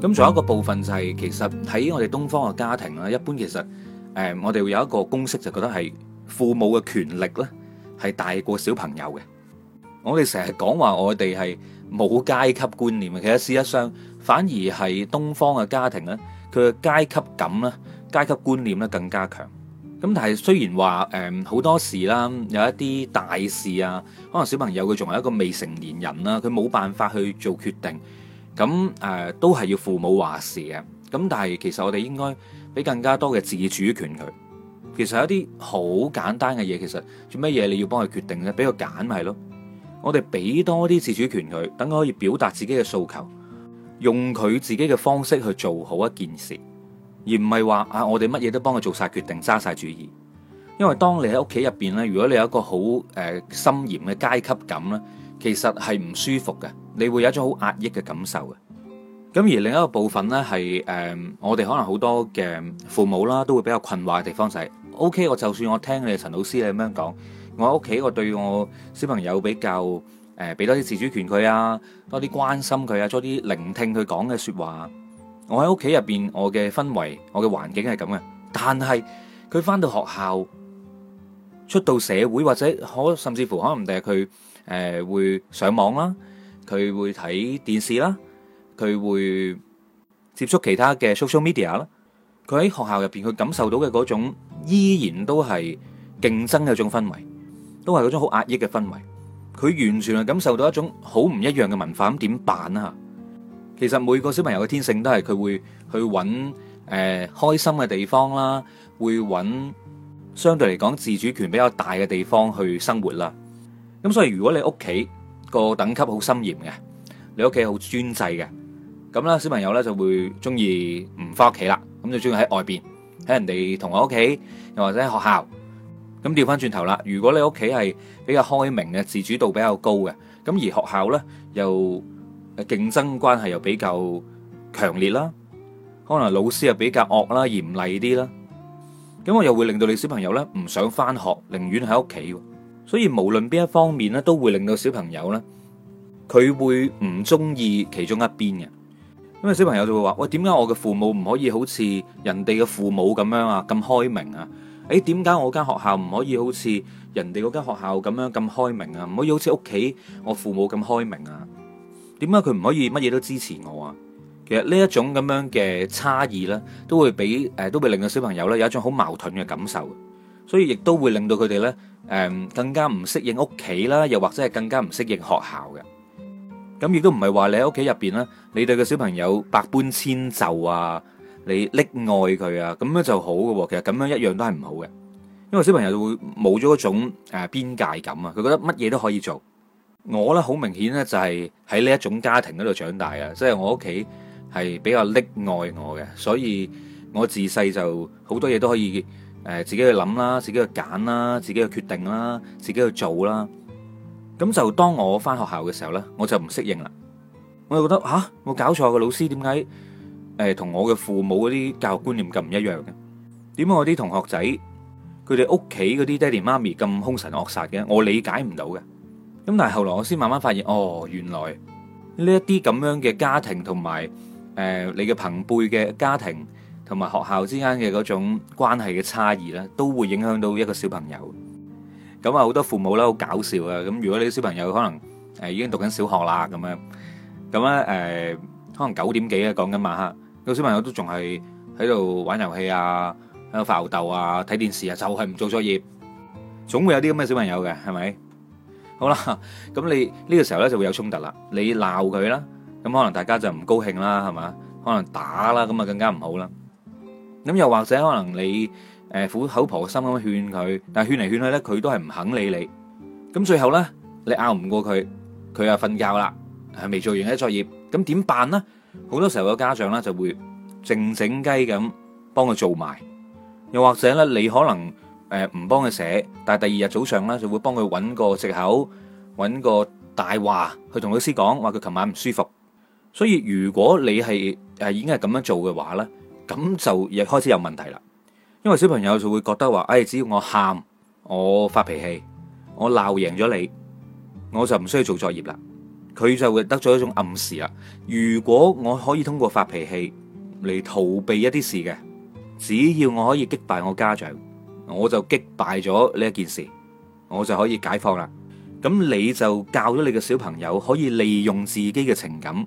咁仲有一個部分就係，其實喺我哋東方嘅家庭，一般其實我哋會有一個公式，就覺得係父母嘅權力咧係大過小朋友嘅。我哋成日講話我哋係冇階級觀念嘅，其實事實上，反而係東方嘅家庭咧，佢嘅階級感啦、階級觀念咧更加強。咁但係雖然話好多時啦，有一啲大事啊，可能小朋友佢仲係一個未成年人啦，佢冇辦法去做決定。咁、呃、都係要父母話事嘅，咁但係其實我哋應該俾更加多嘅自主權佢。其實有一啲好簡單嘅嘢，其實做乜嘢你要幫佢決定呢？俾佢揀咪囉。咯。我哋俾多啲自主權佢，等佢可以表達自己嘅訴求，用佢自己嘅方式去做好一件事，而唔係話啊我哋乜嘢都幫佢做晒決定、揸晒主意。因為當你喺屋企入邊咧，如果你有一個好誒森嚴嘅階級感其實係唔舒服嘅，你會有一種好壓抑嘅感受嘅。咁而另一個部分呢，係、呃、誒我哋可能好多嘅父母啦，都會比較困惑嘅地方就係，OK，我就算我聽你陳老師你咁樣講，我喺屋企我對我小朋友比較誒俾、呃、多啲自主權佢啊，多啲關心佢啊，多啲聆聽佢講嘅説話。我喺屋企入邊我嘅氛圍、我嘅環境係咁嘅，但係佢返到學校、出到社會或者可甚至乎可能第日佢。誒會上網啦，佢會睇電視啦，佢會接觸其他嘅 social media 啦。佢喺學校入邊，佢感受到嘅嗰種依然都係競爭嘅一種氛圍，都係嗰種好壓抑嘅氛圍。佢完全係感受到一種好唔一樣嘅文化，咁點辦啊？其實每個小朋友嘅天性都係佢會去揾誒、呃、開心嘅地方啦，會揾相對嚟講自主權比較大嘅地方去生活啦。咁所以如果你屋企個等級好森嚴嘅，你屋企好專制嘅，咁咧小朋友咧就會中意唔翻屋企啦，咁就中意喺外邊，喺人哋同學屋企，又或者喺學校。咁調翻轉頭啦，如果你屋企係比較開明嘅，自主度比較高嘅，咁而學校咧又競爭關係又比較強烈啦，可能老師又比較惡啦，嚴厲啲啦，咁又會令到你小朋友咧唔想翻學，寧願喺屋企。所以無論邊一方面咧，都會令到小朋友咧，佢會唔中意其中一邊嘅。因為，小朋友就會話：喂，點解我嘅父母唔可以好似人哋嘅父母咁樣啊？咁開明啊！誒、哎，點解我間學校唔可以好似人哋嗰間學校咁樣咁開明啊？唔可以好似屋企我父母咁開明啊？點解佢唔可以乜嘢都支持我啊？其實呢一種咁樣嘅差異咧，都會俾誒，都會令到小朋友咧有一種好矛盾嘅感受。所以亦都會令到佢哋咧。誒，更加唔適應屋企啦，又或者係更加唔適應學校嘅。咁亦都唔係話你喺屋企入邊咧，你對個小朋友百般遷就啊，你溺愛佢啊，咁樣就好嘅。其實咁樣一樣都係唔好嘅，因為小朋友會冇咗一種誒邊界感啊，佢覺得乜嘢都可以做。我呢好明顯呢就係喺呢一種家庭嗰度長大啊，即係我屋企係比較溺愛我嘅，所以我自細就好多嘢都可以。誒，自己去諗啦，自己去揀啦，自己去決定啦，自己去做啦。咁就當我翻學校嘅時候咧，我就唔適應啦。我就覺得吓，我搞錯個老師點解？誒，同我嘅父母嗰啲教育觀念咁唔一樣嘅？點解我啲同學仔佢哋屋企嗰啲爹哋媽咪咁凶神惡煞嘅？我理解唔到嘅。咁但係後來我先慢慢發現，哦，原來呢一啲咁樣嘅家庭同埋誒你嘅朋輩嘅家庭。同埋學校之間嘅嗰種關係嘅差異咧，都會影響到一個小朋友。咁啊，好多父母咧好搞笑啊！咁如果你啲小朋友可能誒已經讀緊小學啦咁樣，咁咧誒可能九點幾啊講緊晚黑，個小朋友都仲係喺度玩遊戲啊、喺度發吽哣啊、睇電視啊，就係唔做作業，總會有啲咁嘅小朋友嘅，係咪？好啦，咁你呢個時候咧就會有衝突啦，你鬧佢啦，咁可能大家就唔高興啦，係嘛？可能打啦，咁啊更加唔好啦。咁又或者可能你誒苦口婆心咁勸佢，但係勸嚟勸去咧，佢都係唔肯理你。咁最後咧，你拗唔過佢，佢又瞓覺啦，係未做完啲作業。咁點辦咧？好多時候嘅家長咧就會靜靜雞咁幫佢做埋。又或者咧，你可能誒唔幫佢寫，但係第二日早上咧就會幫佢搵個藉口，搵個大話去同老師講話佢琴晚唔舒服。所以如果你係誒已經係咁樣做嘅話咧。咁就亦開始有問題啦，因為小朋友就會覺得話，誒，只要我喊，我發脾氣，我鬧贏咗你，我就唔需要做作業啦。佢就會得咗一種暗示啦。如果我可以通過發脾氣嚟逃避一啲事嘅，只要我可以擊敗我家長，我就擊敗咗呢一件事，我就可以解放啦。咁你就教咗你嘅小朋友可以利用自己嘅情感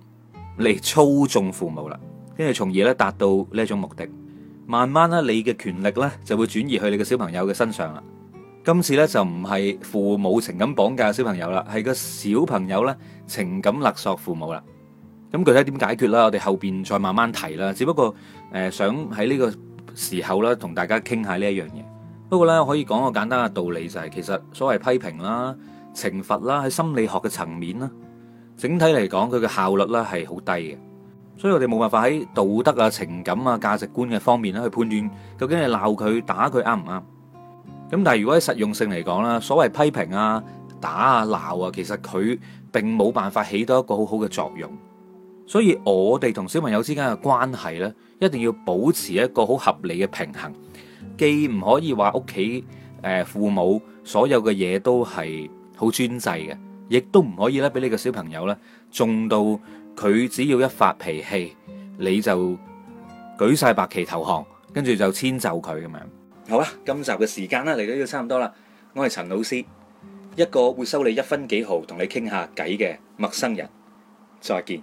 嚟操縱父母啦。跟住，從而咧達到呢一種目的。慢慢咧，你嘅權力咧就會轉移去你嘅小朋友嘅身上啦。今次咧就唔係父母情感綁架小朋友啦，係個小朋友咧情感勒索父母啦。咁具體點解決啦？我哋後邊再慢慢提啦。只不過誒，想喺呢個時候啦，同大家傾下呢一樣嘢。不過咧，可以講個簡單嘅道理就係，是，其實所謂批評啦、懲罰啦，喺心理學嘅層面啦，整體嚟講，佢嘅效率咧係好低嘅。所以我哋冇辦法喺道德啊、情感啊、價值觀嘅方面咧去判斷究竟係鬧佢、打佢啱唔啱？咁但係如果喺實用性嚟講啦，所謂批評啊、打啊、鬧啊，其實佢並冇辦法起到一個好好嘅作用。所以我哋同小朋友之間嘅關係呢，一定要保持一個好合理嘅平衡，既唔可以話屋企誒父母所有嘅嘢都係好專制嘅，亦都唔可以咧俾你個小朋友咧重到。佢只要一發脾氣，你就舉晒白旗投降，跟住就遷就佢咁樣。好啦，今集嘅時間嚟到呢度差唔多啦。我係陳老師，一個會收你一分幾毫同你傾下偈嘅陌生人。再見。